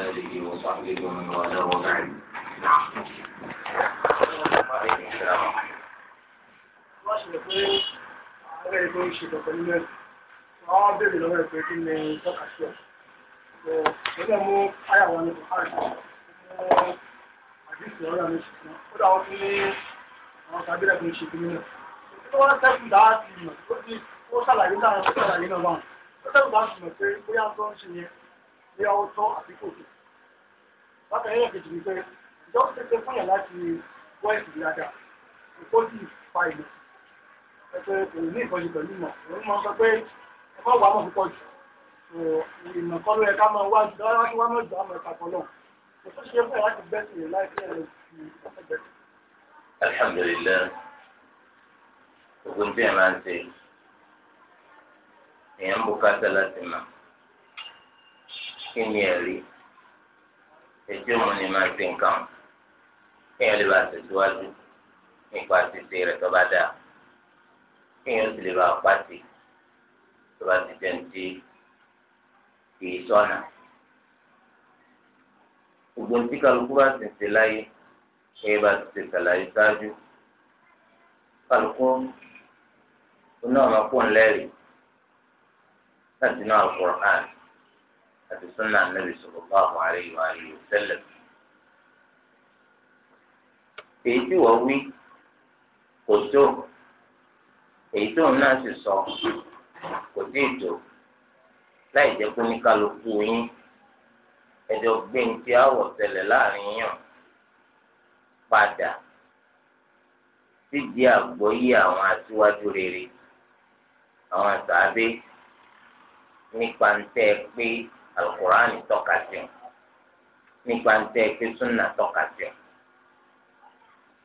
آله وصحبه ومن والاه وبعد نعم Àwọn bèèrè lọ́wọ́ ẹ̀kọ́ kí ni tọ́ka sí ọ̀. Ọjọ́ mú ayàwó ní Buhari, mú àdísì ọ̀rọ̀ mi ṣùgbọ́n, ó dá wọ́n ní àwọn tàbílẹ̀ tó ń ṣe kìí náà. Ó wọ́n tẹ́kùn dáa ti mọ̀, ó ti ó ṣàlàyé náà, ó ṣàlàyé náà báwọn. Ó tẹ́kùn bá ṣùgbọ́n pé bóyá tó ń ṣe yẹn, bí ọ tọ́ àti kò tó. Bákan yẹn kejì ni pé ìjọ ti láti wọ́ ẹ̀sìn ìdájà sì fa ìlú. Ẹ kò ní ìkọ́jú pẹ̀lú ìmọ̀. Òun máa ń sọ pé ẹ wà mọ̀ púpọ̀ jù. Ìmọ̀ kan ló máa wá jù lọ́wọ́ wá mọ̀ jù àmọ̀ ẹ̀ka kan náà. ṣe fún láti gbẹ́sìn rẹ̀ láì fẹ́ ẹ̀rọ ti ẹgbẹ́. Alhamdulillah, gbogbo kí ni ẹ̀rí ẹjọ́ mo ni máa ti nǹkan kéèyàn lè bá tẹ̀síwájú nípa títí rẹ̀ tó bá dáa kéèyàn sì lè bá pàtì tó bá ti jẹun tí kì í sọ́nà. gbogbo ní tí kálukú bá ti ṣe láyé kéèyàn bá ti ṣe ṣàlàyé ṣáájú kálukú náà máa pọ̀ ńlẹ́rìí láti náà Al-Qur'an àti sunna anabi sallallahu alayhi wa alihi wa sallam. èyí tí wọ́n wí kò tó èyí tó ń náà sì sọ kò tí ì tó láì jẹ́ kó ní kálukú yín ẹjọ́ gbé ní ti àwọ̀ tẹ̀lẹ̀ láàrin yàn padà sídìí àgbọ́yé àwọn aṣíwájú rere àwọn àtàbí nípa ń tẹ́ pé alukur'ani tọ́ka sí o nípa ń tẹ́ pé súnà tọ́ka sí o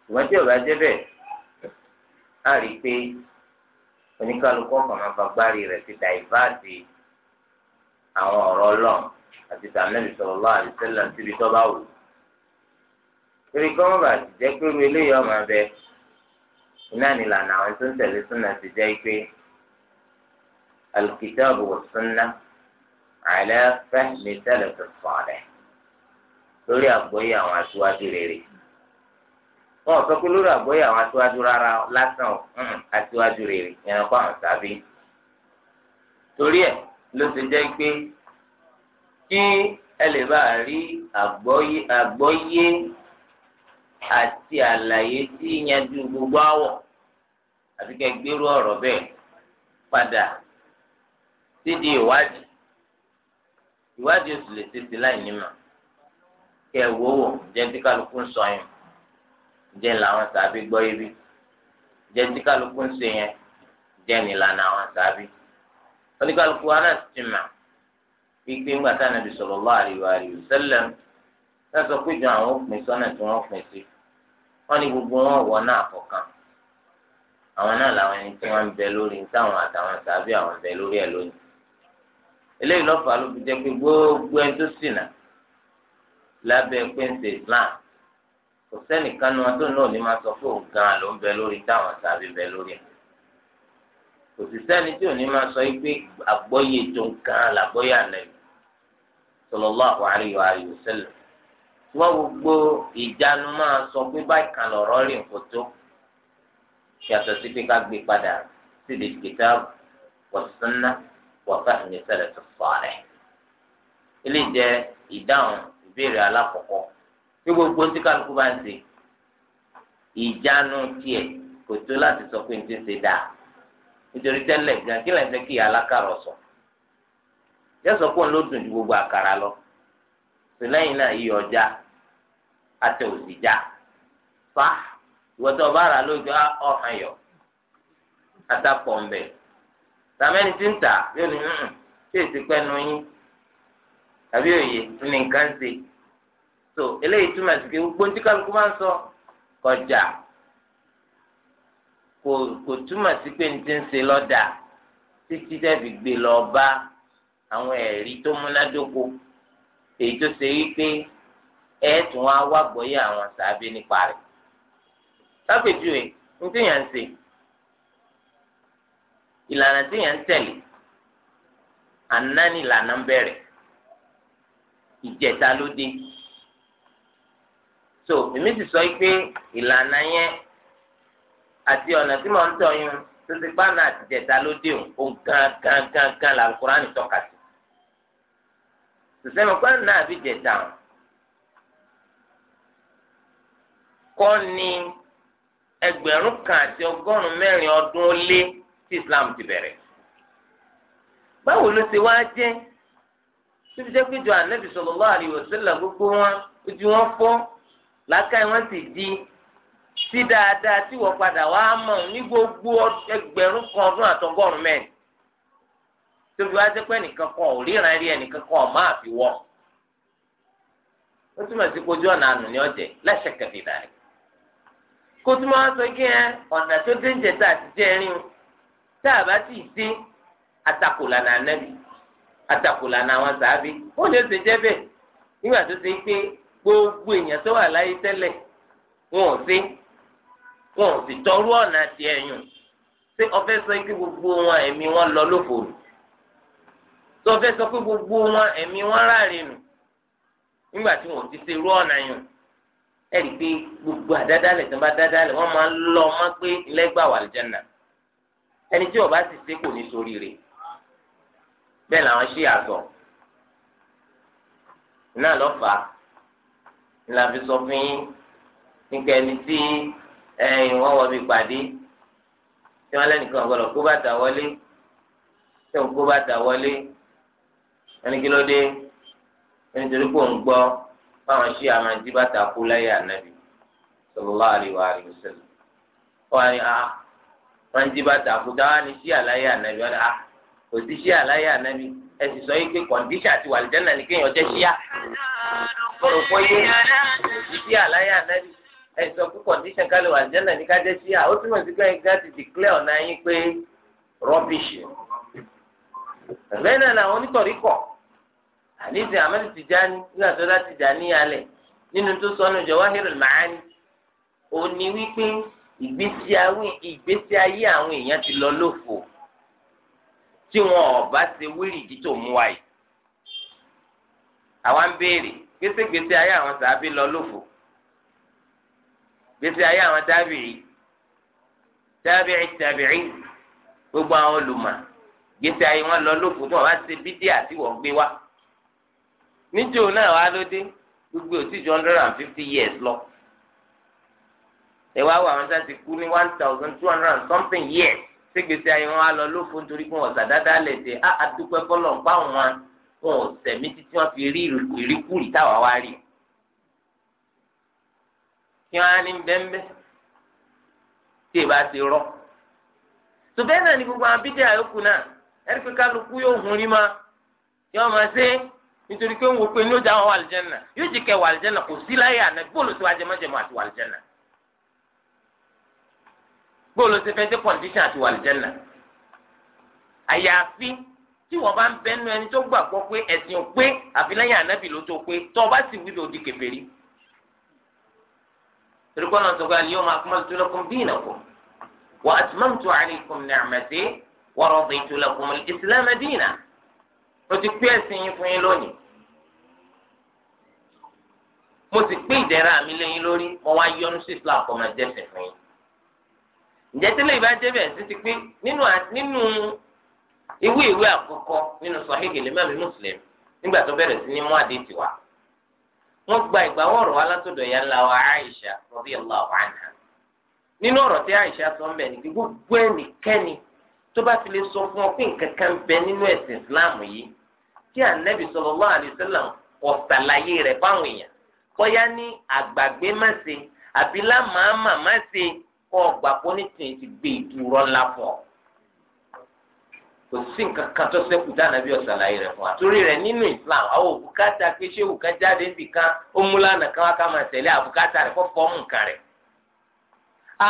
ìwọ́n tí ọba jẹ́ bẹ́ẹ̀ á rí i pé oníkálukú ọkàn máa fagbárí rẹ̀ ti dàìváàtì àwọn ọ̀rọ̀ ọlọ́run àti tàmílì sallallahu alaihi wasallam síbi tó bá wù. torí kí wọ́n ti jẹ́ pé irú eléyìí ọmọ abẹ iná nílànà àwọn tó ń tẹ̀lé súnà ti jẹ́ pé alukitaabu wa sunnah àlẹ́ fẹ́mi tẹ́lẹ̀ tó fọ́n rẹ̀ lórí àgbọ́yé àwọn aṣíwájú rere wọn sọ pé lórí àgbọ́yé àwọn aṣíwájú rárá lásán hmm, aṣíwájú rere ìran kọ́ àwọn sábẹ́ torí ẹ̀ ló ti jẹ́ pé kí ẹ lè bá a rí àgbọ́yé àti àlàyé tí yanjú gbogbo àwọ̀ àti kẹgbẹ́rú ọ̀rọ̀ bẹ́ẹ̀ padà sídìí ìwádìí ìwádìí oṣù lè tètè láì nímọ̀ kẹ ẹ wò wò jẹ́ tí kálukú ń sọ yẹn jẹ́ làwọn sàbí gbọ́ yé bí jẹ́ tí kálukú ń ṣe yẹn jẹ́ nílànà àwọn sàbí oníkálukú wa náà ti mà pípé ńgbà tá nàbì sallallahu alaihi wa sallam lọ́sọ̀ péjọ àwọn òpin sọ́nà tí wọ́n pín sí wọ́n ní gbogbo wọn wọ̀ náà kọ̀ọ̀kan àwọn náà làwọn ẹni tí wọ́n ń bẹ lórí táwọn àtàwọn sàbí àwọn ń bẹ lórí ẹ̀ lónìí eléyìí lọ́fà ló fi jẹ́ pé gbogbo ẹni tó ṣìnà lábẹ́ pẹ́ǹsì Islam kò sẹ́nìkan nu adó náà ní máa sọ pé òun gan-an ló ń bẹ lórí táwọn tàbí bẹ lórí ẹ̀ kò sì sẹ́ni tí ò ní máa sọ pé àgbọ́yé tó ń gan-an làgbọ́yé ànábì sallallahu alaihi wa alihi wasallam tí wọ́n gbogbo ìjánu máa sọ pé báyìí kan lọ̀rọ̀ rìn kò tó yàtọ̀ sí pé ká gbé padà sí lè kìtà wa sunnah. وفهم سلف الصالح ilé jẹ ìdáhùn ìbéèrè alákọ̀ọ́kọ́ bí gbogbo tí kálukú bá ń ṣe ìjánu tiẹ̀ kò tó láti sọ pé n ti ṣe dáa nítorí tẹ́lẹ̀ gan kí lẹ́yìn fẹ́ kí alákàrọ̀ sọ yẹ́sọ̀ pọ̀ ló dùn ju gbogbo àkàrà lọ sí lẹ́yìn náà iyọ̀ ọjà àtẹ òsì já fa ìwọ́tọ̀ bá rà lójú ọ̀hán yọ àtàpọ̀ ń tàmẹ́ni tí ń tà yóò ní ṣé èsì pẹ́nu yín tàbí òye ní nǹkan ṣe so eléyìí túmọ̀ sí pé gbogbo ní kálukú máa ń sọ kọjá kò kò túmọ̀ sí pé ní ti ń ṣe lọ́dà títí tẹ́bi gbé lọ bá àwọn ẹ̀rí tó múnádóko èyí tó ṣe wípé ẹ tún wá wá gbọ́yé àwọn sàábé nípa rẹ̀ lápèjúwe ní tí yàn ń ṣe ìlànà tí yẹn ń tẹ̀lé àná ni ìlànà ń bẹ̀rẹ̀ ìjẹta ló dé so èmi sì sọ pé ìlànà yẹn àti ọ̀nà tí mo ń tọ̀ yun títí pàánà àti ìjẹta ló dé òun gan gan gan gan làlùkùránì tọ́ka sí sọsẹ́mi pàánà náà àbí ìjẹta kọ́ ni ẹgbẹ̀rún kan àti ọgọ́rùn-ún mẹ́rin ọdún ó lé. islam ti bẹ̀rẹ̀ báwo ló ṣe wá jẹ́ tó jẹ́ pé gbogbo wọn ojú wọn fọ́ làákàyè wọn sì di sí dáadáa tí wọ́n padà gbogbo ẹgbẹ̀rún kan ọdún àtọ́gọ́rùn mẹ́rin tó wá jẹ́ pé kan ò ríran rí ẹnìkan kan ọ̀ máa fi ó túmọ̀ sí kojú ọ̀nà ní ọ̀jẹ̀ kó túmọ̀ a tá a bá ti dé atakola náà nẹ́bi atakola náà wọn sàábí ó lè ṣe jẹ́ bẹ́ẹ̀ nígbà tó ṣe pé gbogbo èèyàn tó wà láyé tẹ́lẹ̀ wọn ò sí wọn ò sì tọrú ọ̀nà tiẹ̀ yùn ṣé ọfẹ́ sọ pé gbogbo wọn ẹ̀mí wọn lọ lófo nù tó ọfẹ́ sọ pé gbogbo wọn ẹ̀mí wọn ráàrin nù nígbà tí wọn ò ti ṣe irú ọ̀nà yùn ẹ̀rí pé gbogbo àdádálẹ̀ tó bá dádálẹ̀ wọ́n máa ń lọ ọmọ pé lẹ́gbàá wà lìjẹ́ náà ẹni tí ó bá sì ṣe kò ní sórí rẹ̀ bẹ́ẹ̀ làwọn ṣí àtọ̀ náà lọ fà á ńlá fi sọ fún yín nígbà ẹni tí ẹ̀yìn wọn wọ bí pàdé tí wọn lẹ́nìkan gbọ́dọ̀ kó bàtà wọlé tí wọn kó bàtà wọlé ẹni kí ló dé ẹni torí kò ń gbọ́ báwọn ṣí àwọn ẹni bàtà kú láyé ànábì sallallahu alaihi wa sallam wọn ni a. Ah, wọn jí bàtà àkúdá wa ní sí àlàyé ànábi wọn a ah, kò sí sí àlàyé ànábi ẹ sì sọ yìí pé kọ̀ǹdíṣà ti wà lìjẹ́ náà ní kéèyàn jẹ́ síyá kọ̀rọ̀ fọ́ yé sí sí àlàyé ànábi ẹ sọ pé kọ̀ǹdíṣà kálí wà lìjẹ́ náà ní ká jẹ́ síyá ó túmọ̀ sí pé ẹ̀ka ti dìklẹ́ ọ̀nà yín pé rọ́bìṣì bẹ́ẹ̀ náà làwọn onítọ̀rí kọ̀ àníṣe àmọ́lì Tìjání nígbà tó láti jà ní alẹ̀ nínú tó sọnù Jawahirul Ma'ani òní wípé ìgbésí ayé àwọn èèyàn ti lọ lófo tí wọn ò bá ṣe wíìrìdì tó mú wa yìí àwa ń béèrè gbéségbèsè ayé àwọn sàábì lọ lófo gbèsè ayé àwọn tábìrì tábìrì tábìrì gbogbo àwọn olùmọ̀ gbèsè ayé wọn lọ lófo tí wọn bá ṣe bídí àti wọn gbé wa níjó náà wá ló dé gbogbo òtí ju hundred and fifty years lọ ẹ wá wọ àwọn sáà ti kú ní one thousand two hundred and something years ségbèsè ayé wọn á lọ lófo nítorí pé wọn sàdáadáa lè dé á àdúpẹ́ fọlọ́ pa wọn wọn ò sẹ̀mí títí wọn fi rí ìrìkúrì táwa wá rí kí wọn á ní bẹ́ńbẹ́ tí èèbá ti rọ. tùbẹ́ náà ni gbogbo àwọn bídẹ́ àyókù náà ẹni pé kálukú yóò hun rí ma kí wọn máa ṣe nítorí pé ń wo pé ní ó jà wọn wà lìjẹ́ nà yóò jì kẹ́ wà lìjẹ́ nà kò sí láyé àná bóòlù tí wàá jẹ́ mọ́jẹ́mọ́ àti wà lìjẹ́ bóòlù ti fẹ́ sí kọ̀ǹdíṣàn àti wàlìjẹ́nà àyàfi tí wọ́n bá ń bẹ́nu ẹni tó gbàgbọ́ pé ẹ̀sìn ò pé àfi lẹ́yìn ànábì ló tó pé tó o bá sì wí di kèfèrí tẹ̀lifọ́n náà sọ̀rọ̀ àlẹ́ yóò máa kúmọ́ tó lọ́kùn bí ìnáwó wà á ti mọ́mùtò àríkùn ní àmàdé wọ́rọ̀ ọ̀bẹ tó lọ́kùn ìsìlámù dínà mo ti pé ẹ̀sìn yín fún yín lónìí mo sì pé ìdẹ̀ra mi lẹ́yìn lórí mo wá yọ́nú sí islam kọ́ máa jẹ́sìn fún yín ǹjẹ́ tẹ́lẹ̀ ìbá jẹ́ bẹ́ẹ̀ títí pé nínú nínú ìwé ìwé àkọ́kọ́ nínú Sahih Imam Muslim nígbà tó bẹ̀rẹ̀ sí ní mú àdé tiwa wọ́n gba ìgbàwọ́ ọ̀rọ̀ alátọ̀dọ̀ ya ńlá wa Aisha radiyallahu anha nínú ọ̀rọ̀ tí Aisha sọ ń bẹ̀ ní gbogbo ẹnikẹ́ni tó bá ti lè sọ fún ọ pé nǹkan kan bẹ nínú ẹ̀sìn Islam yìí tí Ànábì sallallahu alaihi wasallam kò ṣàlàyé fáwọn èèyàn bóyá ní àgbàgbé má ṣe àbí má má kọ́ ọgbà pọ́nìtìn ti gbé ìdúró ńlá fún ọ kò sí nǹkan kan tó ṣẹ́kù dáná bí ọ̀sàlàyé rẹ̀ fún wa torí rẹ̀ nínú Islam àwọn òbúkátà pé ṣé òkú jáde níbi kan ó mú lánàá wá ká máa tẹ̀lé àbúkátà rẹ̀ fọ́fọ́ mú nǹkan rẹ̀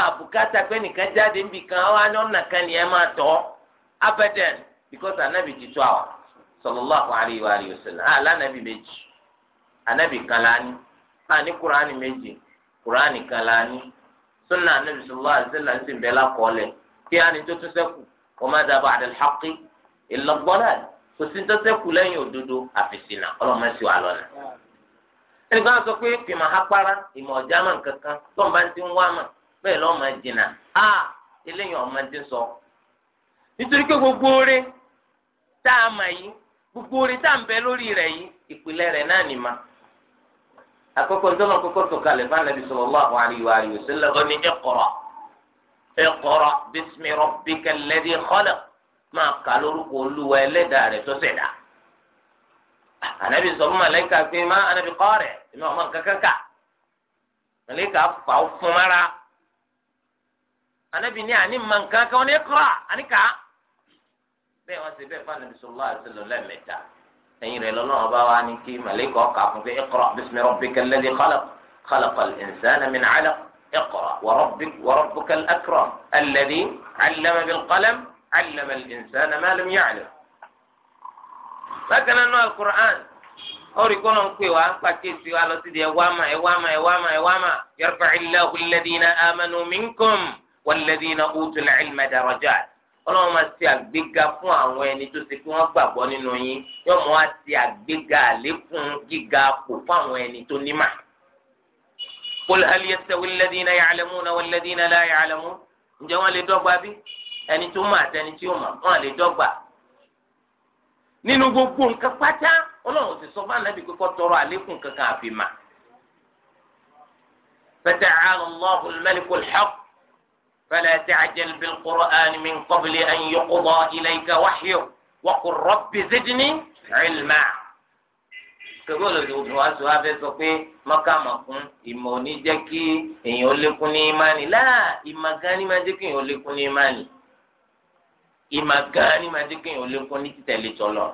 àbúkátà pé nìkan jáde kan ó wá ní ọ̀nà kan ni ẹ máa tọ́ abẹ́dẹ̀n because anabi ti àwọn sunna anabi sallallahu alaihi wasallam ń sìn bẹ́ẹ̀ lákọọ́lẹ̀ kí á ní tó tún sẹ́kù wa ma ba'da al-haqqi illa ad-dalal kò sí tó wa lọ́nà. ẹnì kan sọ pé kankan ti ń wá sọ. nítorí pé gbogbo oore tá a ma yìí gbogbo oore tá à ń akọkọ ntọ́nà kọkọ sọ̀kalẹ̀ fún anabi sallallahu alayhi wa alihi wa sallam ọ̀ni iqra iqra bismi rabbika alladhi khalaq máa kà lórúkọ olúwa ẹlẹ́dàá rẹ̀ tó ṣẹ̀dá. anabi sọ̀rọ̀ màlẹ́kà pé má anabi qari ìmọ̀ ọmọ kankan kà màlẹ́kà fà ó fún mara anabi ní àní mà nkankan ọ̀ni iqra àníkà bẹ́ẹ̀ wọ́n ti bẹ́ẹ̀ fún anabi sallallahu alayhi wa sallam ẹ̀yìn rẹ̀ lọnà ọba wa ní kí màlẹ́kọ̀ ọ̀kà fún fi iqra bismi rabbikal kọlọ khalaq khalaqal insana min 'alaq ẹkọrọ wọrọbì wọrọbì kẹlẹ ẹkọrọ akram alladhi 'allama bil qalam 'allama al insana ma lam ya'lam. bákan náà alukur'an orí kọ́nà ń pè wá pàkíyèsí wa n lọ sí di ẹwà mà ẹwà mà ẹwà mà ẹwà mà yarfa'illahu alladhina amanu wọn walladhina utul 'ilma lẹ́ ọlọ́run máa ti àgbéga fún àwọn ẹni tó ṣe pé wọ́n gbàgbọ́ nínú yín yóò mọ́ á ti àgbéga àlékún gíga kò fún àwọn ẹni tó nímà. qul hal yastawi alladhina ya'lamuna walladhina la ya'lamun ǹjẹ́ wọ́n lè dọ́gba bí ẹni tó mọ̀ àti ẹni tí ó mọ̀ wọ́n lè dọ́gba. nínú gbogbo nǹkan pátá ọlọ́run ti sọ fún ànábì pé tọrọ àlékún kankan àfi mà. fata'ala فلا تعجل بالقرآن من قبل أن يقضى إليك وحيه وقل رب زدني علما kẹgbẹ́ olùdókòwò wa sọ wá fẹ́ sọ pé mọ́kàmọ́kún ìmọ̀ ò ní jẹ́ kí èèyàn ó lékún ní ìmánì láà ìmọ̀ gan ni máa jẹ́ kí èèyàn ó lékún ní ìmánì ìmọ̀ gan ni máa jẹ́ kí èèyàn ó lékún ní títẹ̀lé tọ́lọ̀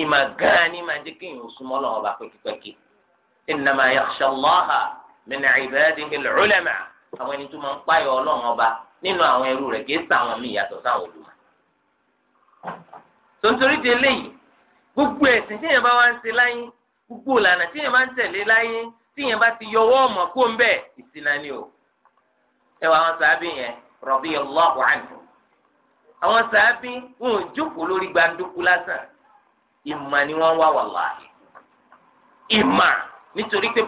ìmọ̀ gan ni máa jẹ́ kí èèyàn ó súnmọ́ lọ́wọ́ bá pẹ́kípẹ́kí. innama yakhsha Allaha min ibadihi al-ulama. àwọn ẹni tó máa ń páyọ ọlọ́run ọba nínú àwọn ẹrú rẹ̀ kìí sàwọn míì yàtọ̀ sáwọn olùmọ̀. tontorí di eléyìí gbogbo ẹ̀sìn tíyẹn bá wá ń gbogbo ìlànà tíyẹn bá ń tẹ̀lé láyé tíyẹn bá ti yọwọ́ ọmọ kó ń bẹ̀ ni o. ẹ wà àwọn sàábì yẹn radiyallahu anhu àwọn sàábì wọn ò jókòó lórí gbàǹdùkú lásán ni wọ́n wá wàláhì nítorí pé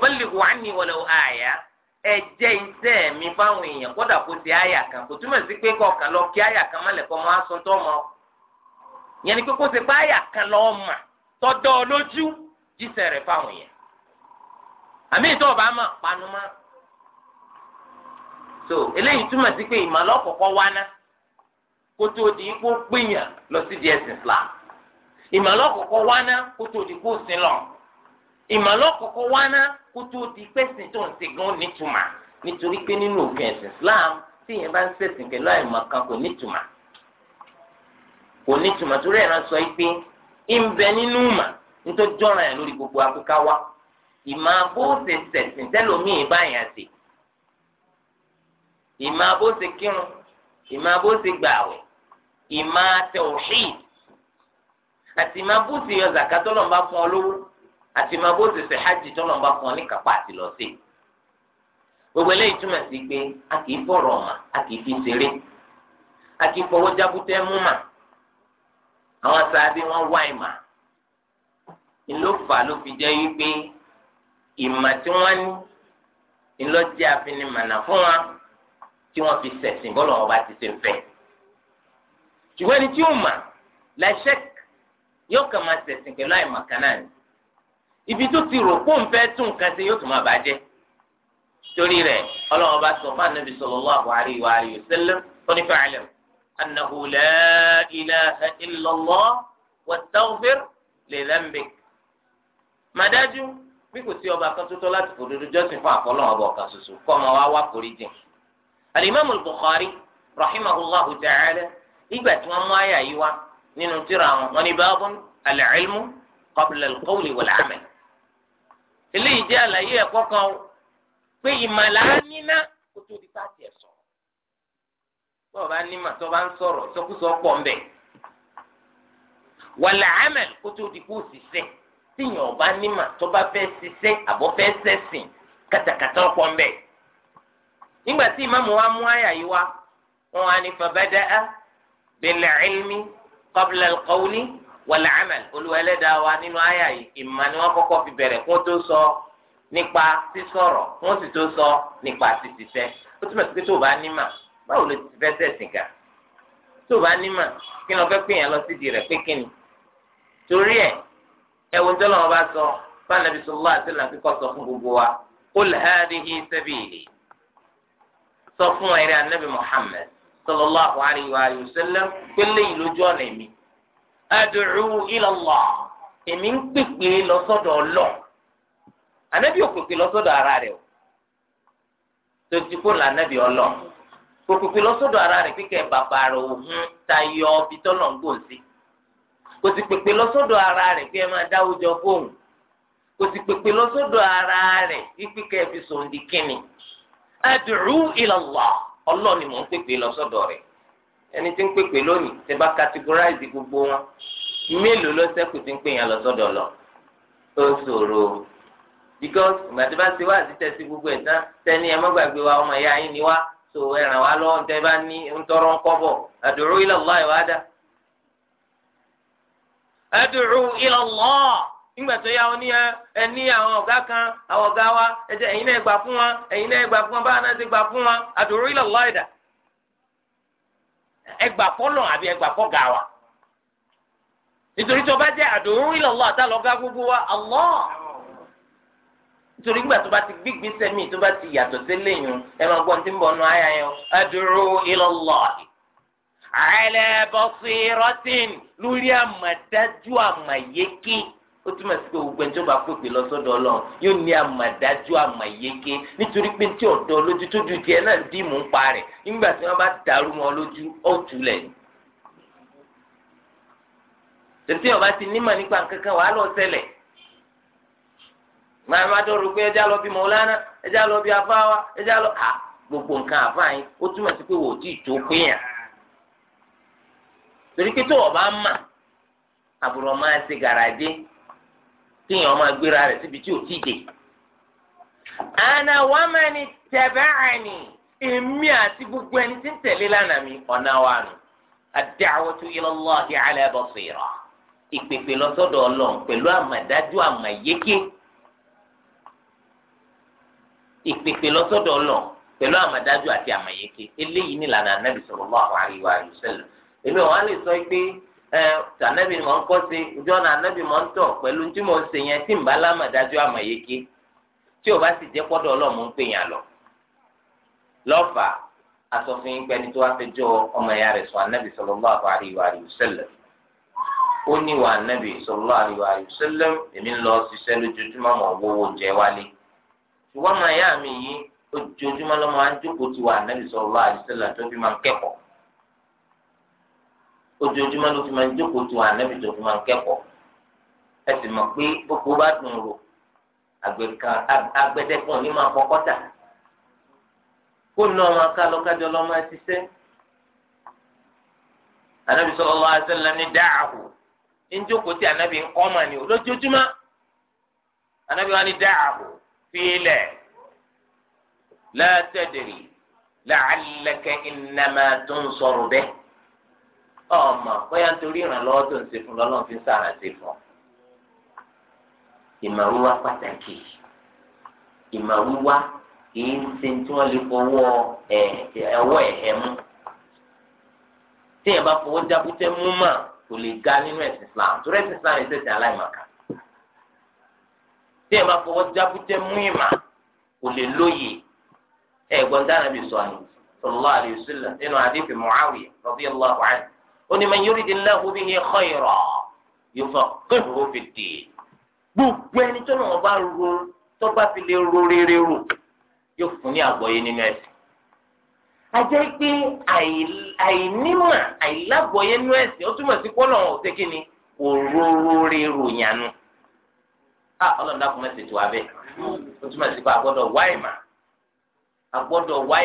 ẹ jẹ́ iṣẹ́ mi fáwọn èèyàn kódà kó ti àyà kan kò túmọ̀ sí pé kọ̀ọ̀kan lọ kí àyà kan má lẹ̀kọ́ máa sọ tó mọ yẹn ni pé kó ti pa àyà kan lọ mà tọ́jọ́ lójú jíṣẹ́ rẹ̀ fáwọn èèyàn àmì ìtọ́ ọba mà panu mọ́ so eléyìí túmọ̀ sí pé ìmọ̀lọ́ kọ̀ọ̀kọ́ wá di ipò lọ sí di Islam ìmọ̀lọ́ kọ̀ọ̀kọ́ wá ná di ipò sílọ̀ ìmọ̀lọ́ kọ̀kọ́ wá ná kó tó di pẹ́sìn tó ń ṣe nítumà nítorí pé nínú òfin ẹ̀sìn Islam tí yẹn bá ń ṣẹ̀sìn pẹ̀lú àìmọ̀ kan kò nítumà kò nítumà torí ẹ̀rọ sọ pé ń bẹ nínú mà nítorí jọ̀ràn ẹ̀ lórí gbogbo akóká wa ìmọ̀ abó ṣe ṣẹ̀sìn tẹ́lómìn báyà ṣe ìmọ̀ abó kírun ìmọ̀ abó gbààwẹ̀ ìmọ̀ tẹ̀wọ̀ṣì àti ìmọ̀ abó ṣe yọ zàkátọ́lọ́mbà fún ọ lówó àti máa bó ti ṣe hajj tó lọ́n bá fún ọ ní kápá àti lọ sí. gbogbo eléyìí túmọ̀ sí pé a kì fọ̀rọ̀ ọ̀mà a kì fi ṣeré a kì fọwọ́ jábútẹ́ mú mà àwọn sáadé wọn wá ìmà ńlọ́fà ló fi jẹ́ wípé ìmà tí wọ́n ní ńlọ́jẹ́ àfinimànà fún wa tí wọ́n fi ṣẹ̀sìn bọ́lọ̀ ọba ti ṣe fẹ́ ṣùgbọ́n ẹni tí ó mà lẹ́sẹ̀k yóò kàn máa ṣẹ̀sìn pẹ̀lú àìmọ̀kan ni ibi tó ti rò pọ̀ nfẹ́ tún nǹkan ṣe yóò tún máa bàjẹ́ torí rẹ̀ ọlọ́run bá sọ fún anabi sallallahu alaihi wa alihi wasallam tó ní fa'lam annahu la ilaha illallah wastaghfir li dhanbik màdájú bí kò sí ọba kan tó tọ́ láti fòdodo jọ́sìn fún àfọlọ́run ọba ọ̀kan ṣoṣo kọ́ ọmọ wa wá foríjì alimami bukhari rahimahullahu ta'ala ìgbà tí wọ́n mú àyà yìí wá nínú tírà wọn ní báwọn al-ilmu qabla al-qawli eléyìí jẹ́ àlàyé ẹ̀kọ́ kan o pé ìmàlà á níná kó tó di pàtì ẹ̀ sọ̀rọ̀ tó o bá nímà tó o bá ń sọ̀rọ̀ sọkúsọ pọ̀ ń bẹ̀ wàlà àmàl kó tó di kó o sì sẹ́ tíyàn ọba nímà tó bá fẹ́ ṣiṣẹ́ àbọ̀ fẹ́ sẹ́sìn kàtàkàtà pọ̀ ń bẹ̀ nígbà tí ìmáàmù wa mú àyà yìí wá wọn á ní fàbádà á bil ilmi qabla al wàlẹ̀ amal olúwa ẹlẹ́dàá wa nínú àyà yìí ìmọ̀ ni wọ́n kọ́kọ́ fi bẹ̀rẹ̀ tó sọ nípa sísọ̀rọ̀ wọ́n sì tó sọ nípa ó túmọ̀ sí pé tó bá nímà báwo ló ti fẹ́ sẹ̀sìn gà tó bá nímà kí ni wọ́n fẹ́ pè yẹn lọ sídìí rẹ̀ pé kí ni torí ẹ̀ ẹ wo ntọ́lọ́ bá sọ sọlá àti sọ fún gbogbo wa sọ fún ẹ̀rẹ́ alayhi wa sallam ad'u ila Allah èmi ń pèpè lọ ọlọ́ ànábì ò pèpè ara o kò pèpè ara rẹ̀ kíkẹ́ bàbá rẹ̀ òhun tayọ kò sì pèpè ara rẹ̀ kí ẹ máa dáwọ́jọ fóun kò sì pèpè lọ ara rẹ̀ kíkẹ́ fi sòǹdì kínni mò ń pèpè ẹni tí ń pèpè lónìí tẹ bá categorize gbogbo wọn mélòó ló ṣẹ́kù tí ń pè yàn lọ sọ́dọ̀ lọ ó ṣòro because ìgbà tí bá ti wá gbogbo ẹ̀ tán tẹ́ni ẹ wa ọmọ yín ni wá so ẹ ràn lọ́wọ́ tẹ́ bá ní ń tọrọ ń kọ́bọ̀ àdúró ila nígbà tó yá ẹ ní àwọn ọ̀gá kan àwọn ọ̀gá wa ẹ̀yin náà gbà fún wọn ẹ̀yin náà gbà fún ẹgbà fọlọ àbí ẹgbà fọ gà nítorí tó bá jẹ àdùn ila Allah alo. gbogbo wa Allah nítorí gbà tó bá ti gbígbé tó bá ti yàtọ̀ sí ẹ máa gbọ́n tí ń bọ̀ nù ayà yẹn ad'u ila Allah ala lórí àmàdájú ó túmọ̀ sí pé gbogbo ẹni tó bá pèpè lọ sọ́dọ̀ ọlọ́run yóò ní àmàdájú àmàyéké nítorí pé tí ọ̀dọ́ lójú tó ju tiẹ̀ náà dì mú pa rẹ̀ nígbà tí wọ́n bá dàrú ọba ti nímọ̀ nípa nǹkankan wàá lọ ṣẹlẹ̀ màá má dọ̀rọ̀ pé ẹja lọ bí ẹja lọ bí afáwa ẹja lọ à gbogbo nǹkan àfáàyín ó túmọ̀ sí pé wò ó tó péyàn ọba ń mà àbùrọ̀ ṣe tíyàn ọmọ gbéra rẹ̀ síbi tí o tí dé. àná wàá máa ní tẹ̀bẹ́ àní èmi àti gbogbo ẹni tí ń tẹ̀lé lánàá mi ọ̀nà wa nù. ad-da'watu ila Allahi ala basira. ìpèpè lọ́sọ̀dọ̀ ọlọ́run pẹ̀lú àmàdájú àmàyéké. ìpèpè lọ́sọ̀dọ̀ ọlọ́run pẹ̀lú àmàdájú àti àmàyéké. eléyìí lànà èmi ò wá lè sọ pé ẹ tànàbì mọ̀ ń kọ́ sí ojú ọ̀nà ànàbì mọ̀ ń tọ̀ pẹ̀lú tí mo ń ṣe yẹn tí ń bá lámàdájú àmàyeke tí o bá sì jẹ́ pọ́dọ̀ ọlọ́mú ń pè yàn lọ. lọ́fà asọ̀fin ìgbẹ́ni tó wá fẹ́ jọ ọmọ ìyá rẹ̀ sọ ànàbì sallallahu alaihi wa ó ní wà wa sallam èmi ń lọ ṣiṣẹ́ lójoojúmọ́ ojoojúmọ́ ló fi máa ń jókòó tó ànábì tó fi máa ń kẹ́kọ̀ọ́ ẹ sì mọ̀ pé gbogbo bá dùn rò àgbẹ̀dẹ ní máa kọ́kọ́ tà kó nà ti sẹ́ ànábì sallallahu alaihi wasallam ní dáàbò ń jókòó tí ànábì ń kọ́ mà ní ànábì ní dáàbò fílẹ̀ ọmọ bóyá nítorí ìrànlọ́wọ́ tó ń ṣe fún lọ́lọ́run fi ń sàrànṣe fún ọ. ìmọ̀ wíwá pàtàkì ìmọ̀ wíwá kìí ṣe tí wọ́n lè fọwọ́ ẹ̀wọ́ ẹ̀hẹ́ mú. tí èèyàn bá fọwọ́ jábútẹ́ mú mà kò lè ga nínú ẹ̀sìn Islam torí ẹ̀sìn Islam ẹ̀sìn ẹ̀sìn aláìmọ̀ká. tí èèyàn bá fọwọ́ jábútẹ́ mú ìmà kò lè lóye ẹ̀gbọ́n dáná bí sọ àná sallallahu alaihi wasallam nínú àdéhùn oni man yuridillahu bihi khayra yufaqqihu fid-din gbogbo ẹni tó náà bá ro tó bá fi lè ro rere rò yóò fún ní àgbọ́yé nínú ẹ̀sìn. ajẹ́ pé àìnímọ̀ àìlágbọ́yé nínú ẹ̀sìn ó túmọ̀ sí pọ́nà ọ̀sẹ̀ kí ni kò ro rere rò yànnu. a ọlọ́run dákun mẹ́sẹ̀ tó wa bẹ́ẹ̀ ó túmọ̀ sí pé a gbọ́dọ̀ wá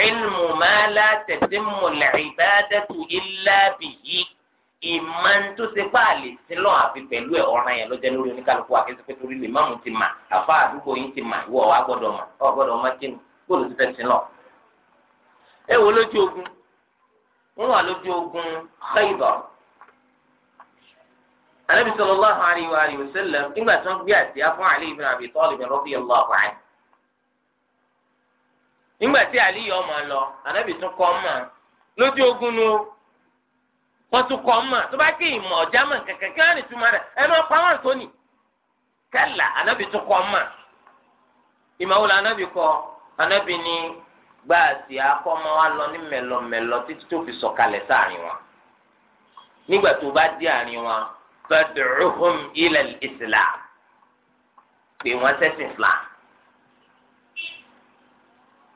ilmu ma la tatimu al-ibadatu ịla bihi ìmọ̀ntó ṣe pa àlè sílọ̀ àfi pẹ̀lú ẹ̀ ọ̀ràn yẹn lọ́jọ́ lórí oníkálukú akẹ́sí pé torí lè má mu ti mà àfa àdúgbò yín ti mà ìwọ wa mà ogun wà ogun wa sallam nígbà tí wọ́n gbé fún Ali nígbà tí àlíyọ ọmọ lọ ànábì tún kọ́ mọ̀ lójú ogun ni o wọ́n tún kọ́ mọ̀ tó bá kí ìmọ̀ ọ̀já mọ̀ kankan kí wọ́n ní túmọ̀ rẹ̀ ẹ máa pa wọ́n sóni kẹ́là ànábì tún kọ́ mọ̀ ìmọ̀wò la ànábì kọ́ ànábì ní gbàásì akọ́mọ wa lọ ní mẹ̀lọ̀mẹ̀lọ̀ títí tó fi sọ̀kalẹ̀ sáàrin wọn nígbà tó bá dé àárín wọn fad'uhum ila al-islam pé wọ́n sẹ́sìn islam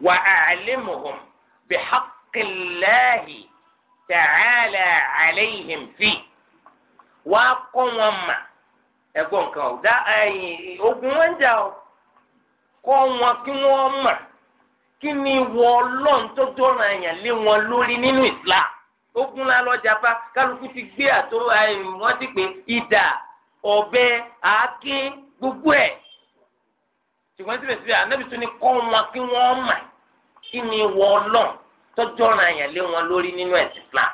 وأعلمهم بحق الله تعالى عليهم فيه وأقوم وما ẹ̀gbọ́n nǹkan ọdá ogun wọn jà ọ kọ wọn kí wọn mà kí ni wọn Ọlọ́run tó dọrọ àyàn lé wọn lórí nínú Islam ogun la japa kálukú ti gbé àtọ ṣùgbọ́n síbẹ̀síbẹ̀ anábì tún ní kọ́ wọn kí wọ́n mọ̀ kí ni wọ́n lọ tọ́jọ́ ra yàn lé wọn lórí nínú ẹ̀sìn Islam.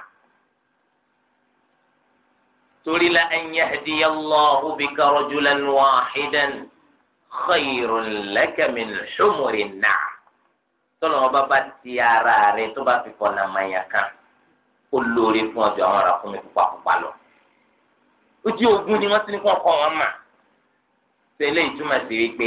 torí la an yahdiyallahu bika rajulan wahidan khayrun laka min humuri náà tọ́lọ̀ wọn bá bá ti ara rẹ̀ tó bá fi kọ̀nà mayà kan ó lóore fún ọjọ́ àwọn ará fún mi pupa lọ. ojú ogun ni wọ́n ti ní kọ́ ọkọ wọn mà tẹ́lẹ̀ ìtumọ̀ sí wípé.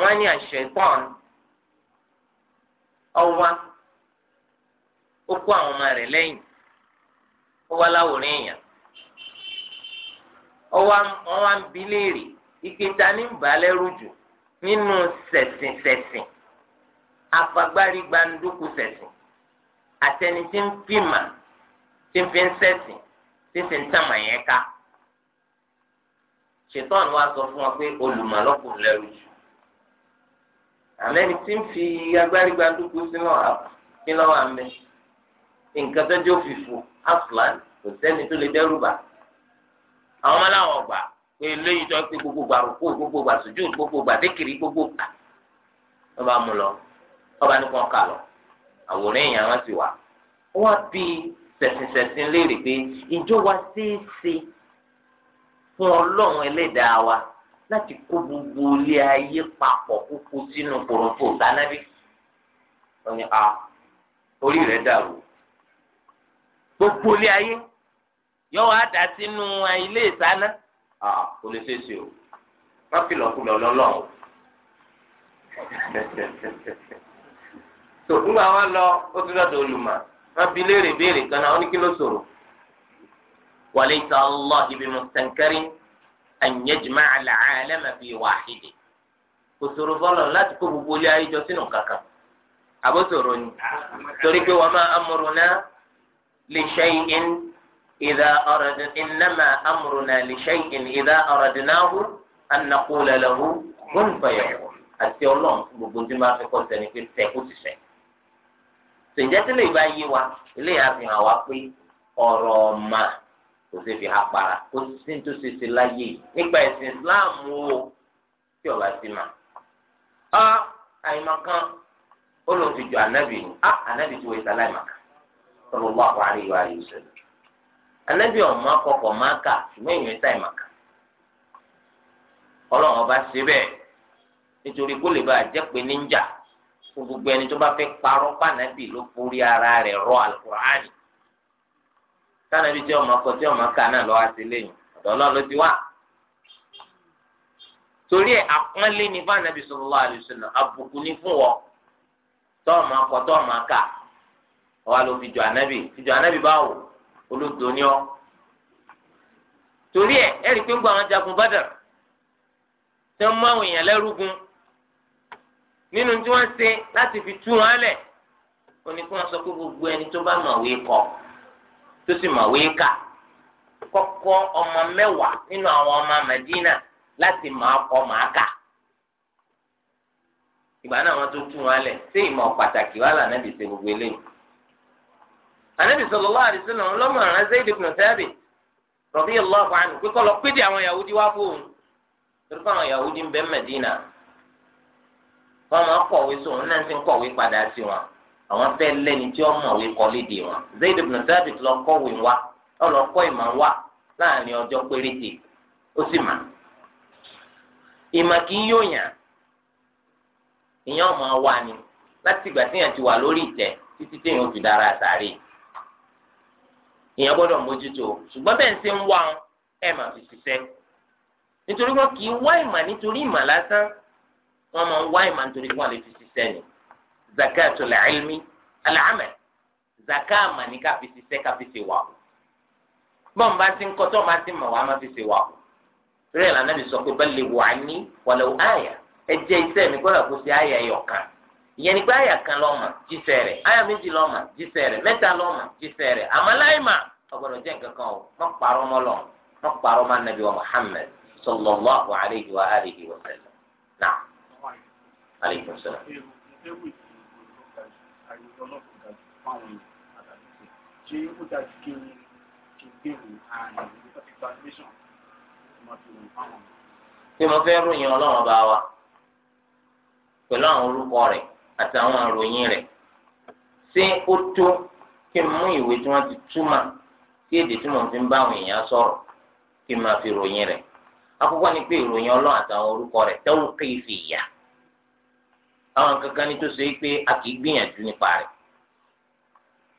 wọ́n ní àṣetán ọwá ó kó àwọn ọmọ rẹ̀ lẹ́yìn ó wá láwòrán èèyàn wọ́n wá ń bi léèrè ìkẹta ní balẹ̀rù jù nínú sẹ̀sìnsẹ̀sìn afagbárí gbandúkú sẹ̀sìn àtẹni tí ń fìmà tí ń fi ń sẹ̀sìn tí ń fi ń tàmà yẹn ká ṣètọ́nù wa sọ fún wa pé olùmọ̀lọ́kùn lẹ́rù jù àmọ́ ẹni tí ń fi agbárí gbàdúgbò sínú àpín lọ́wọ́ àmì nǹkan tó jẹ́ òfìfo aslan kò sẹ́ni tó lè dẹ́rù bà àwọn ọmọ làwọn gbà pé eléyìí tó pé gbogbo gbà rúkú gbogbo gbà sójú gbogbo gbà dékìrì gbogbo gbà wọn bá mú lọ wọn bá ní kàn lọ àwòrán èèyàn wọn sì wà wọn bí sẹ̀sìnsẹ̀sìn léèrè pé ìjọ wa ṣeé ṣe fún ọlọ́run ẹlẹ́dàá wa láti kó gbogbo ilé ayé papọ̀ kókó sínú kòròfò sánábì. wọ́n ní a ah, orí rẹ̀ dàrú. gbogbo ilé ayé yọ wá dà sínú ilé ìsáná. a ah, kò lè fèsì o má fi lọ́kùlọ́ lọ́lọ́run. tó ńgbà wọn lọ ó ti lọ́dọ̀ olùmọ̀ wọn fi léèrè béèrè kan náà wọn ní kí ló sọ̀rọ̀. wàlẹ́ ìta allah ibi mọ̀ sẹ́ńkẹ́rì an yajma'a al-'alama fi wahidi kò ṣòro fọlọ́ láti kó gbogbo ilé ayé jọ sínú kankan àbótòrò ni torí pé wa ma amruna li shay'in idha aradna innama amruna li shay'in idha aradnahu an naqula lahu kun fayakun àti ọlọ́run gbogbo tí máa fi kọ́ sẹ́ni pé tẹ̀ kó ti sẹ́. tòǹjẹ́ tí lè bá yé wa ilé yà fi hàn wá pé ọ̀rọ̀ ọ̀ma kò sí fi apara kò sí tó ṣe ṣe láyé nípa ẹ̀sìn Islam o tí ọba ti mà á àyìnmakan ó lọ fi ju anabi ni á anabi ti wọ ìsàlẹ̀ àyìnmakan sallallahu alaihi wa alihi wasallam anabi ọmọ akọkọ máa kà ṣùgbọ́n èèyàn ìta àyìnmakan ọlọ́run ọba ṣe bẹ́ẹ̀ nítorí kó lè bá a jẹ́ pé níjà gbogbo ẹni tó bá fẹ́ parọ́ pànàbì ló borí ara rẹ̀ rọ Al-Qur'ani. tánàbí tí ọmọ akọ tí ọmọ ká náà lọ àti lẹ́yìn ọ̀dọ̀ ọlọ́run ti wá. torí ẹ̀ àpọ́nlé ni fún ànábì sallallahu àbùkù ni fún wọ tọ́ ọmọ akọ tọ́ ọmọ ká ọwọ́ ló fi jọ ànábì fi jọ ànábì báwo olóòtú ni fi lẹ̀ sọ gbogbo ẹni tó bá tó sì mọ̀wé kà kọ́kọ́ ọmọ mẹ́wàá nínú àwọn ọmọ Madina láti máa kọ́ máa kà ìgbà náà wọn tó tún wọn lẹ ṣé ìmọ̀ pàtàkì wà lànàbì ṣe gbogbo eléyìí ànàbì sallallahu alaihi wasallam lọmọ ọràn Zaid pé kọlọ àwọn Yahudi wá Yahudi ń bẹ Mẹdínà wọn máa sóun náà padà sí wọn àwọn fẹ́ lẹ́ni tí wọ́n mọ̀wé di wọn ibn lọ kọ́wé wa ọ lọ kọ́ wa láàrin ọjọ péréte ó sì mà ìmọ̀ kì í yóòyàn ni láti ìgbà tíyàn ti wà lórí ìtẹ́ títí tíyàn ó fi dára àtàrí ìyẹn gbọ́dọ̀ mójútó ṣùgbọ́n bẹ́ẹ̀ ń ṣe ń wá ẹ̀ mà fi ima nítorí wọn kì í wá zakatul ilmi al-amal zaka àmà ní ká fi ṣiṣẹ́ ká fi ṣe wà o bọ́n bá ti ń kọ́ tó máa ti mọ̀ wá máa fi ṣe wà o torí ẹ̀ lànà mi sọ pé bẹ́ẹ̀ lè wà ní wàlẹ̀ àyà ẹ jẹ́ iṣẹ́ mi kọ́ra kó ṣe àyà ẹ̀yọ̀ kan ìyẹn ni pé àyà kan lọ́mà jíṣẹ́ rẹ̀ àyà méjì lọ́mà jíṣẹ́ rẹ̀ mẹ́ta lọ́mà jíṣẹ́ rẹ̀ àmọ́ láì mà ọgbọ́dọ̀ jẹ́ nǹkan kan o má parọ́ mọ́ lọ má parọ́ má nàbí wa Muhammad sallallahu alayhi wa alihi wa sallam naam aleykum salaam àyè ọlọ́pàá dájú fáwọn èèyàn àdàlù sí ṣé ó dájú kí n kí n gbèrò àárín ìlú tó ti gba admission tí mo fi ròyìn fáwọn èèyàn. tí mo fẹ́ ròyìn ọlọ́run bá wa pẹ̀lú àwọn orúkọ rẹ̀ àtàwọn àròyìn rẹ̀ ṣé ó tó kí n mú ìwé tí wọ́n ti túmọ̀ sí èdè tí mo fi ń bá àwọn èèyàn sọ̀rọ̀ kí n máa fi ròyìn rẹ̀ àkọ́kọ́ ni pé ìròyìn ọlọ́run àtàwọn orúkọ rẹ̀ tẹ́wọ́ kéèfì ìyá àwọn kankan ní tó ṣe é a kì í gbìyànjú